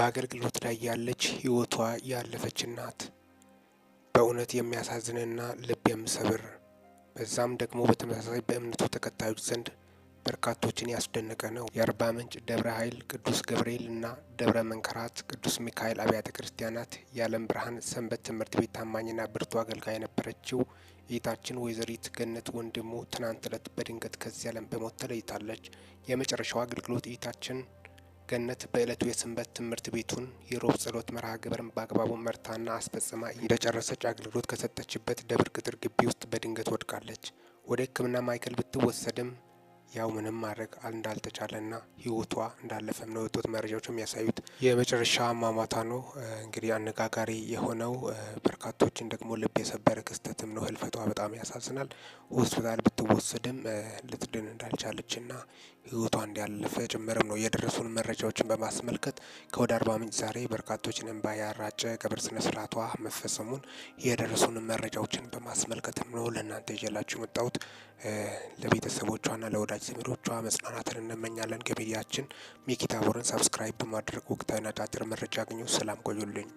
በአገልግሎት ላይ ያለች ህይወቷ ያለፈች ናት። በእውነት የሚያሳዝንና ልብ የሚሰብር በዛም ደግሞ በተመሳሳይ በእምነቱ ተከታዮች ዘንድ በርካቶችን ያስደነቀ ነው። የአርባ ምንጭ ደብረ ኃይል ቅዱስ ገብርኤል እና ደብረ መንከራት ቅዱስ ሚካኤል አብያተ ክርስቲያናት የዓለም ብርሃን ሰንበት ትምህርት ቤት ታማኝና ብርቱ አገልጋይ የነበረችው እህታችን ወይዘሪት ገነት ወንድሙ ትናንት ዕለት በድንገት ከዚህ ዓለም በሞት ተለይታለች። የመጨረሻው አገልግሎት እህታችን ገነት በእለቱ የስንበት ትምህርት ቤቱን የሮብ ጸሎት መርሃ ግብርን በአግባቡ መርታና አስፈጽማ እንደጨረሰች አገልግሎት ከሰጠችበት ደብር ቅጥር ግቢ ውስጥ በድንገት ወድቃለች። ወደ ሕክምና ማዕከል ብትወሰድም ያው ምንም ማድረግ እንዳልተቻለና ህይወቷ እንዳለፈም ነው የወጡት መረጃዎች የሚያሳዩት። የመጨረሻ ማሟታ ነው እንግዲህ አነጋጋሪ የሆነው በርካቶችን ደግሞ ልብ የሰበረ ክስተትም ነው። ህልፈቷ በጣም ያሳዝናል። ሆስፒታል ብትወሰድም ልትድን እንዳልቻለችና ህይወቷ እንዳለፈ ጭምርም ነው። የደረሱን መረጃዎችን በማስመልከት ከወደ አርባ ምንጭ ዛሬ በርካቶችን እንባ ያራጨ ቀብር ስነ ስርዓቷ መፈጸሙን የደረሱን መረጃዎችን በማስመልከትም ነው ለእናንተ ይዤላችሁ የመጣሁት። ለቤተሰቦቿና ለወዳጅ ዘመዶቿ መጽናናትን እንመኛለን። ከሚዲያችን ሚኪታቦርን ሳብስክራይብ በማድረግ ወቅታዊና አጫጭር መረጃ አግኙ። ሰላም ቆዩልኝ።